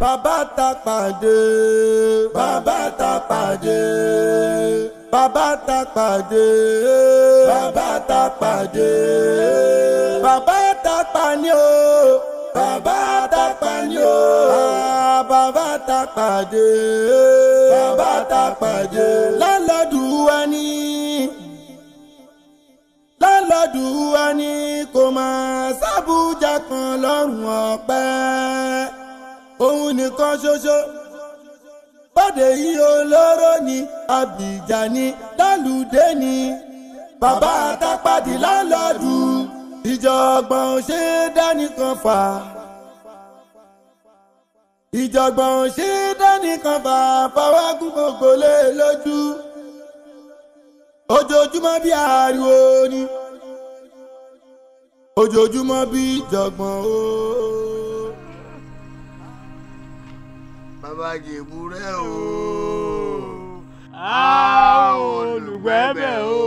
bàbá ta pàdé bàbá ta pàdé bàbá ta pàdé bàbá ta pàdé bàbá ta pàní o bàbá ta pàní o ah, bàbá ta pàdé bàbá ta pàdé lálọ́dúnwá ni lálọ́dúnwá ni kò máa sábújà kan lọ́rùn ọ̀pẹ́ òun nìkan ṣoṣo bọ́dé yìí olóró ni àbíjà ni lálùdé ni bàbá àtàpàdé lálọ́dù ìjọ̀gbọ̀n ṣe dánìkan fà ìjọ̀gbọ̀n ṣe dánìkan fà fáwágùn gbogbo lé e lójú ojoojúmọ́ bí ariwo ni ojoojúmọ́ bí ìjọ̀gbọ̀n ooo. bàbá jèbúrẹ́ o. àwọn olùgbẹ́bẹ̀ o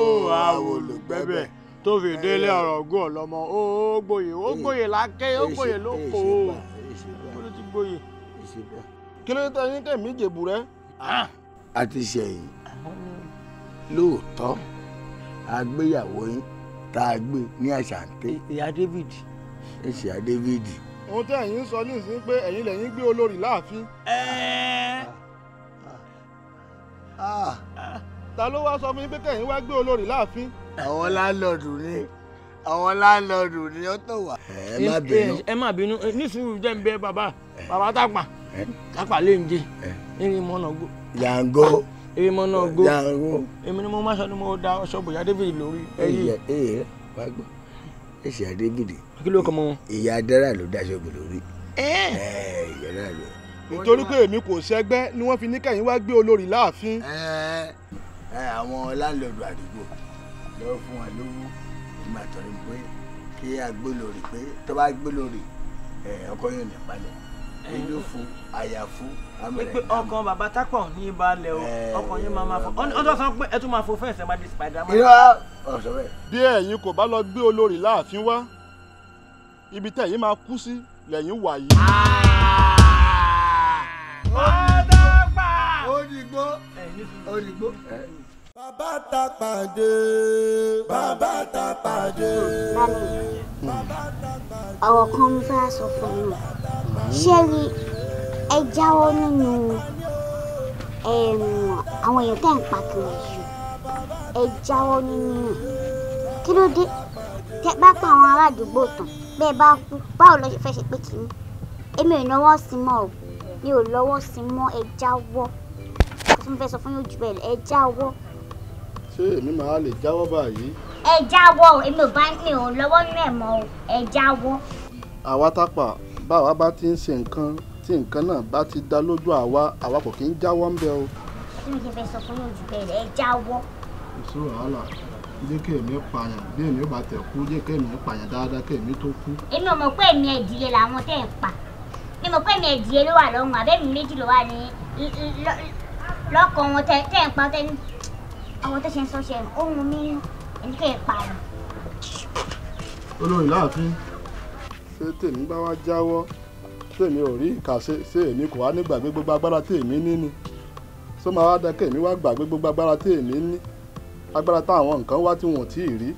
àwọn olùgbẹ́bẹ̀ tó fi délé ọ̀rọ̀ ogún ọ̀lọ́mọ ó gbòye ó gbòye láké ó gbòye lóko ó ló ti gbòye. kí ló tẹ yín kẹ́mi jèbúrẹ́. a ti ṣẹ̀yìn lóòótọ́ àgbéyàwó yín tá a gbé ní àṣàǹté. ìyá David. ìṣìyà David. ohun tí ń sọ nísìnyí pé ẹ̀yin lẹ̀yin gbé olórí láàfin. Ah. Ah. ta ló wá sọ fún yín pé kẹ́yìn wá gbé olórí láàfin. àwọn láńlọ́ọ̀dù ni àwọn láńlọ́ọ̀dù ni ó eh, eh, ẹ má bínú. ẹ má bínú nísìnyí jẹ́ ń bẹ bàbá eh. bàbá tápà tápà lè ń èmi go èmi ni mo sọ ni mo da ọṣọ ẹsẹ adégìdì. kí ló kọ́ mọ́ wọn. ìyá adára ló daṣọ bò lórí. ìyá adára ló. nítorí pé èmi kò ṣẹgbẹ́ ni wọ́n fi ní kẹ́yìn wá gbé olórí láàfin. àwọn láńlọ́ọ̀dù àdúgbò lọ́wọ́ fún wa lówó ìgbà tó ń pé kí agbólórí pé tó bá gbólórí ọkọ yóò ní palẹ̀ inú fún àyà fún amẹrẹ. pé ọkàn bàbá tápọ̀ ní balẹ̀ o ọkàn yín máa máa fọ ọjọ́ sọ pé ẹ tún máa fọ fẹ́ǹsì ẹ máa di Spiderman. irọ́ ọ̀sọ̀ bẹ́ẹ̀. bí ẹ̀yin kò bá lọ gbé olórí láàfin wá ibi tẹ̀yin máa kú sí lẹ́yìn wàyí. ọ̀dọ́gba. Ah! ó dìgbò ó dìgbò bàbá ta pàdé bàbá ta pàdé. bàbá ọ̀rọ̀ kan ń fẹ́ sọ fún mi ṣé rí ẹ jáwọ́ nínú àwọn èèyàn tẹ́ ń pa kiri yìí ẹ jáwọ́ nínú kí ló dé tẹ́ bá pa àwọn ará àdúgbò tán bẹ́ẹ̀ bá kú báwo ló ṣe fẹ́ ṣe pé kì èmi ò lọ́wọ́ sí mọ́ o mi ò lọ́wọ́ sí mọ́ ẹ jáwọ́ kí mo fẹ́ sọ fún yóò jù bẹ́ẹ̀ ẹ jáwọ́ ṣé èmi máa lè jáwọ́ báyìí. ẹ jáwọ́ o èmi ò bá mi ò lọ́wọ́ nínú ẹ̀ mọ́ o ẹ jáwọ́. àwa tápà báwa bá ti ń ṣe nǹkan tí nǹkan náà bá ti dá lójú àwa àwa kò kí ń jáwọ́ ń bẹ o. kí ni kí n fẹ́ sọ fún yóò jù bẹ́ẹ̀ rẹ̀ ẹ jáwọ́. èso wàhálà jẹ́ kí èmi pààyàn bí èmi bá tẹ̀ kú jẹ́ kí èmi pààyàn dáadáa kí èmi tó kú. èmi mọ̀ pé èmi ẹ̀dìyẹ làwọn tẹ̀ ń pa mi mọ̀ pé èmi ẹ̀dìyẹ ló wà lọ́rùn àbẹ́mi méjì ló wà ní lọ́kàn wọn tẹ̀ ń pa tẹ́ àwọn tó ṣe ń sọṣẹ ohun mi èké ìparun. olórí láàfin ṣé tèmi bá wá jáwọ́ tèmi ò rí ìkàṣe ṣé èmi kò wá nígbàgbé gbogbo agbára tèmi ní ni ṣó máa wá dá kèmi wá gbàgbé gbogbo agbára tèmi ní agbára táwọn nǹkan wá tí wọn ò tí ì rí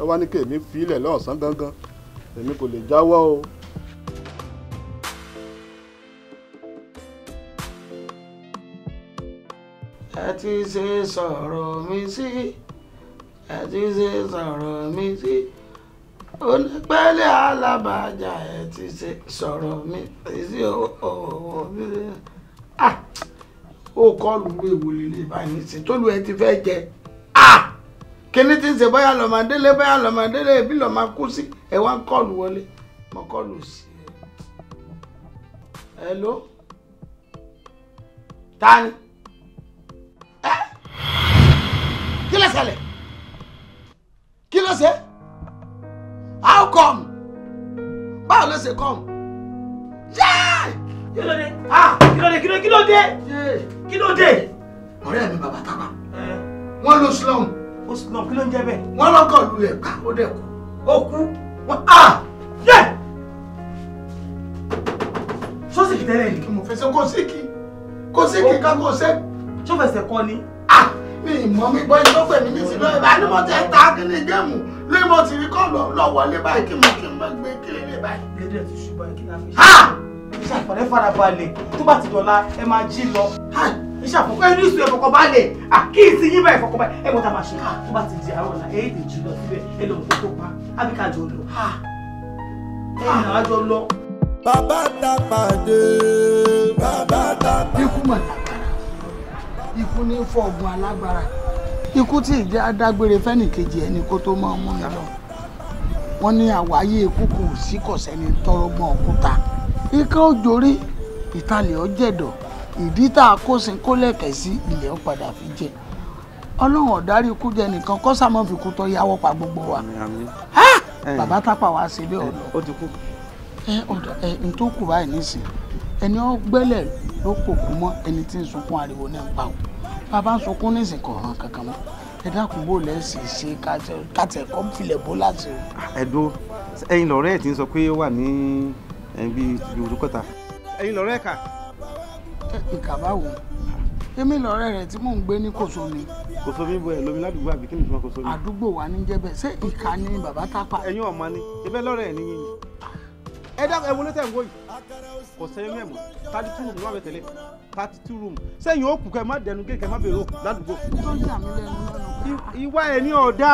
ẹ wá ní kèmi fi ilẹ̀ lọ́sàn-án gangan èmi kò lè jáwọ́ o. ẹ ti ṣe sọ̀rọ̀ mi sí ẹ ti ṣe sọ̀rọ̀ mi sí onípẹ́lẹ́ alábàájà ẹ ti ṣe sọ̀rọ̀ mi sí ọ̀wọ̀ mi ó kọlù ewu lílé báyìí sí tólu ẹ ti fẹ́ jẹ kíní tí ń ṣe bóyá lọ́mọdélé bóyá lọ́mọdélé ẹbí lọ́mọ kú sí ẹ wá ń kọlù wọlé mo kọlù sí ẹ. hello ta ni. ṣẹlẹ̀ kí ló ṣe how come báwo ló ṣe come yéé kí ló dé ah kí ló dé kí ló kí ló dé kí ló dé. ọ̀rẹ́ mi bàbá tápà wọ́n ló slum. ó slum kí ló ń jẹ́ bẹ́ẹ̀. wọ́n lọ́kọ̀ lulẹ̀ pa ó dẹ̀ kú. ó kú wọ́n ah yé. sọ́sìkì tẹ́lẹ̀ ni. kí mo fẹsẹ̀ kó síkì kó síkì ká kó sẹ́. sọ́fẹsẹ̀ kọ́ ni mi ìmọ̀ mi gbọ́ ẹjọ́ pẹ̀lú mi sí lọ́wọ́ ìbá ní mo tẹ́ ta kí ni géèmù lé mo ti rí kọ́ lọ wọlé báyìí kí mo kí n bá gbé kiri lé báyìí. gédé ti ṣùgbọ́n kí la fi ṣe. iṣẹ́ àfọ̀rẹ́ fara balẹ̀ tó ta pàdé ikú màdà ikú ní fọ̀gùn alágbára ikú tí ìjà dágbére fẹ́nìkejì ẹni kó tó máa mú ni lọ wọ́n ní àwáyé ikú kò sí kọ̀sẹ́ni tọrọgbọ́n òkúta òjòrí ìdí tá a kó sin kó sí fi jẹ ọlọ́run ọ̀dárí ikú jẹ nìkan kọ́ fi kú pa gbogbo wa bàbá tápà wá sí ilé ẹ ǹ tó kù nísìn ẹni yóò pòkú mọ́ ẹni tí ń sunkún ariwo ní pa o bàbá ń sunkún ní ìsìnkú ọ̀ràn kankan mọ́ ẹ dákun bò lẹ́sìn ṣe kàtẹ́ kọ́ filẹ̀ bó láti. Ah, ẹ̀dùn ẹ̀yin lọ́rẹ́ ẹ̀ ti ń sọ pé ó wà ní ẹ̀bí ìdúkọ̀ta. ẹ̀yin lọ́rẹ́ ẹ̀ka. ìkà báwo èmi lọ́rẹ́ rẹ̀ tí mò ń gbé ní kòsómi. kòsómi bọ ẹ lómi ládùúgbò àbí kí ni ìtumọ̀ kòsómi. àdúgbò wa ní jẹ́bẹ̀ ṣé ìkà ni bàbá tápà. ẹ̀yin ọ̀ma ni ibẹ̀ lọ́rẹ́ ẹ̀ níyìn ni ẹ dá ẹ wọlé tẹ̀ ń wọ yìí kò sẹ́yìn mẹ́mọ́ thirty two room lọ́wọ́ tẹ̀lé thirty two room sẹ́yìn ó kù má dẹnu kéèké má bèrè òkú ládùúgbò. ìwà ẹ̀ ní ọ̀dà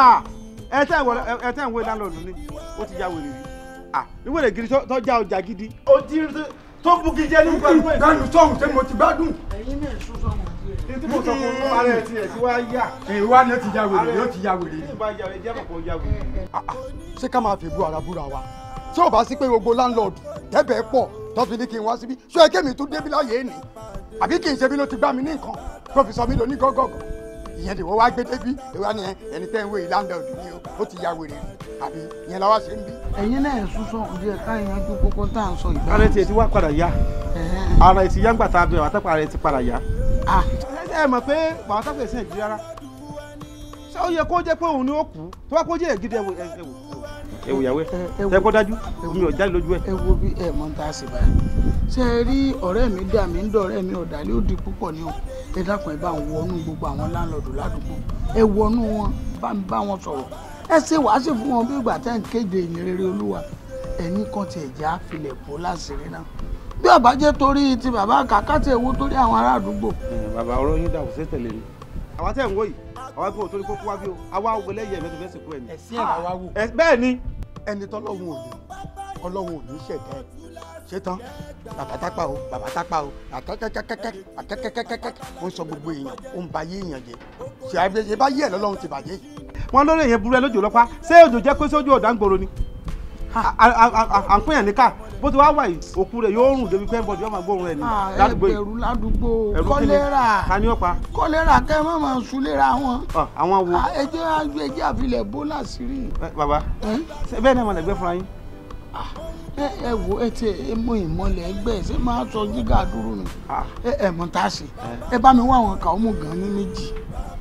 ẹ tẹ̀ ń wọ ìdánlọ́ọ̀dún ni ó ti já wèrè rí à ìwé rẹ̀ gidi tó ọjà gidi. ó ti tó bugi jẹ́ ní gbàgbọ́ ẹ̀. ganu sọ̀hún ṣé mo ti gbádùn. ẹ̀yin náà sọ sọ̀hún tí mo sọ fún un ara ẹ ti ẹ ti wá yá. ìwà ni ó ti ya wèrè yóò ti ya wèrè. ṣé ká máa fi bu ara wa tí ò bá sí pé gbogbo láńlọ́ọ̀dù tẹ́bẹ̀ pọ̀ tó fi ní kí n wá síbí ṣó ẹ kémi tún débí láyé ni àbí kì í ṣe bí ló ti gbá mi ní nǹkan tó fi sọ mí lóní gọ́gọ́gọ́ ìyẹn lè wọ́n wá gbé débí ìwà ni ẹni tẹ́ ń wé láńlọ́ọ̀dù ni ó ti ya wèrè àbí ìyẹn làwa ṣe ń bí. ẹ̀yin náà ẹ̀sùn sọ díẹ̀ káyanjú kókó tá à ń sọ ìgbà. ara ẹ ti ti wá padà yá ara ẹ ti yá ń gbà tá a bẹ̀rẹ̀ àtàkùn ara ẹ ti padà yá. ẹ mọ̀ pé wàá tàbí ẹ̀sìn ẹ̀jú rárá ṣé ó pé òun ni ó ẹ wò yàwó ẹ tẹ kó dájú omi ò jáde lójú ẹ. ẹ wo bí ẹ mọ tá a sì bá ṣe é rí ọ̀rẹ́ mi dà mí ń dọ̀rẹ́ mi ọ̀dàlẹ́ òdì púpọ̀ ni o ẹ dákun ẹ bá ń wọnú gbogbo àwọn láńlọ́ọ̀dù ládùúgbò ẹ wọnú wọn bá ń bá wọn sọ̀rọ̀ ẹ ṣe wàásù fún wọn bí ìgbà tẹ́ ń kéde ìyìn rere olúwa ẹni kan tiẹ̀ já filẹ̀ bó láṣìírí náà bí ọba jẹ́ torí ti bàbá kàkàtì ewu torí àwọn ará àdúgbò. bàbá ọ̀rọ̀ yín dàkú tẹ̀lé ni. àwọn tẹ̀ ń wò yìí àwa gbọ́ òtórí kókó wá bí o àwa wò lẹ́yìn ẹ̀mẹ́tò fẹ́ẹ́ sìnkú ẹ̀ ni. ẹ̀sìn ẹ̀ làwa wò. bẹ́ẹ̀ ni ẹni tọ́lọ́hún ò ní ọlọ́hún ò ní ṣẹ̀dá ẹ̀ ṣe tán bàbá tápà o bàbá tápà o àkẹ́kẹ́kẹ́kẹ́kẹ́kẹ́kẹ́ ó ń sọ gbogbo èèyàn ó ń ba yé èèyàn jẹ ṣe àbẹ̀yẹ bá yé ẹ̀ lọ́lọ́run ti bàjẹ́ yìí. wọn lórí èèyàn burú ẹ lójú ọlọpàá ṣé òjò jẹ pé sójú ọdà ń gbòòrò ni à ń pín yàn níkà bó ti wá wà yìí òkú rẹ̀ yóò rùn débi pé bọ́dì yóò máa gbóòórùn rẹ̀ ni ah, ládùúgbò yìí ẹ̀rù ládùúgbò kọ́lẹ́rà ta ni ó pa. kọ́lẹ́rà kẹ́ mọ̀ mọ̀ sulera wọn. Ah, àwọn wo. Ah, ẹjẹ àjọ ẹjẹ àfilẹ̀ bó làṣírí. bàbá bẹ́ẹ̀ náà mọ̀lẹ́gbẹ́ fúnra yín. ẹ wo ẹ ti mọ ìmọ̀lẹ̀ ẹgbẹ́ ẹ ṣe máa sọ gíga dúró nù ẹ mọ̀ tá a ṣe ẹ bá mi wá àwọn kàómù gan ní méjì.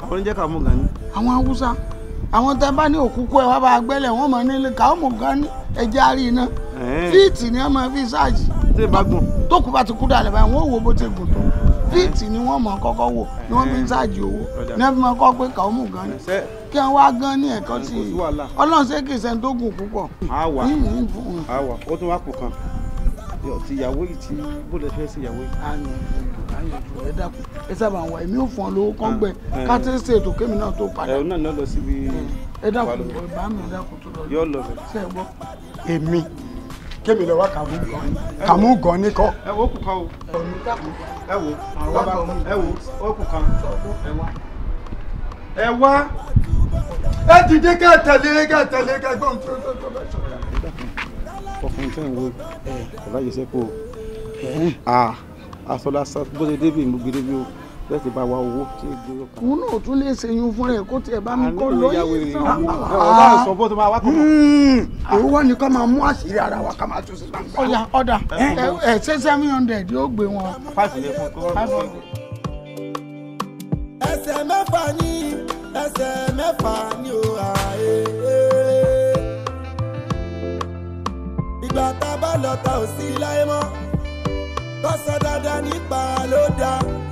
àwọn oúnjẹ kàómù gan ní. àwọn haúsá àwọn tẹ bá ní òkú kó ẹ wá bá gbẹ́lẹ̀ wọ́n mọ̀ ní kàómù gan ní ẹjẹ́ àrí iná. Eh. fíìtì ni wọ́n máa fi ṣáàjì tó kù bá ti kú dàlẹ́ báyìí wọ́n wò bó ti gùn tó fíìtì ni wọ́n máa kọ́kọ́ wò ni wọ́n fi ń ṣáàjì owó ni wọ́n fi máa kọ́ pé kàó mú gan ni kí wọ́n wá gan ní ẹ̀kọ́ sí i ọlọ́run ṣé kì í ṣe tó gùn púpọ̀. àwa àwa ó tún wá kù kan ti ìyàwó yìí ti bó lè fẹ́ sí ìyàwó yìí ẹ dákun ẹ sábà wà èmi ò fún lówó kán ah, gbẹ eh. káàtì ṣètò kémi náà tó padà. ẹ náà eh, ẹ bá mi ẹ dákun tó lọ. yọ lọ é gbọ́. èmi kémi lọ wá kàmú gan kàmú gan ní kọ. ẹ wo kù o ẹ wo bàbá ẹ wo ó kù ẹ wá ẹ wá ẹ dìde ká tẹ̀lé ká tẹ̀lé ká gbọ́n tó tó tó sọ̀rọ̀. ọkùnrin tí ń wo ọ̀la yìí sẹ́kọ̀ọ́ àṣọ lásán bó ṣe débi ìmúgbé débi o bẹ́ẹ̀ sì bá wa owó tí ègbé yóò kà. òun náà tún lè ṣèyún fún rẹ kó tiẹ̀ bá mi kọ́ lóyè náà. ọ̀dà sọ bó tó máa wá kọ̀. òun wà ní ká máa mú àṣírí ara wa ká máa tún sí gbangba. ọ̀yà ọ̀dà ẹ̀ ṣe seven hundred yóò gbé wọn. ẹsẹ̀ mẹ́fà ni ẹsẹ̀ mẹ́fà ni ó àyè. E. ìgbà tá a bá lọ ta ò sí láyé mọ́ tọ́sọ dáadáa nípa ló dáa.